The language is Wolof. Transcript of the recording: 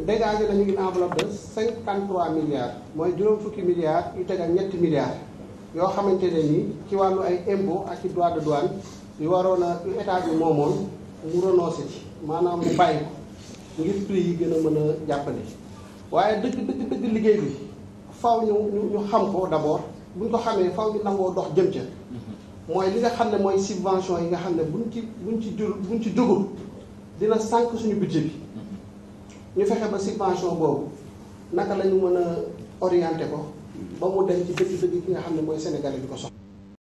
dégagé nañu une enveloppe de cinquante trois milliards mooy juróom fukki milliards yu teg ak ñetti milliards yoo xamante ne nii ci wàllu ay impôt ak ci droit de douane yu waroon a yu yi bi moomoon mu renoncé ci maanaam mu bàyyi ko ngir prix yi gën a mën a jàppale waaye dëgg dëgg dëgg liggéey bi faw ñu ñu xam ko d' abord buñ ko xamee faw ñu nangoo dox jëm ca mooy li nga xam ne mooy subvention yi nga xam ne buñ ci buñ ci jur buñ ci jógul dina sànq suñu budget bi ñu fexe ba subvention boobu naka la ñu mën a orienté ko ba mu dem ci dëgg-dëgg ki nga xam ne mooy sénégale bi ko soxla.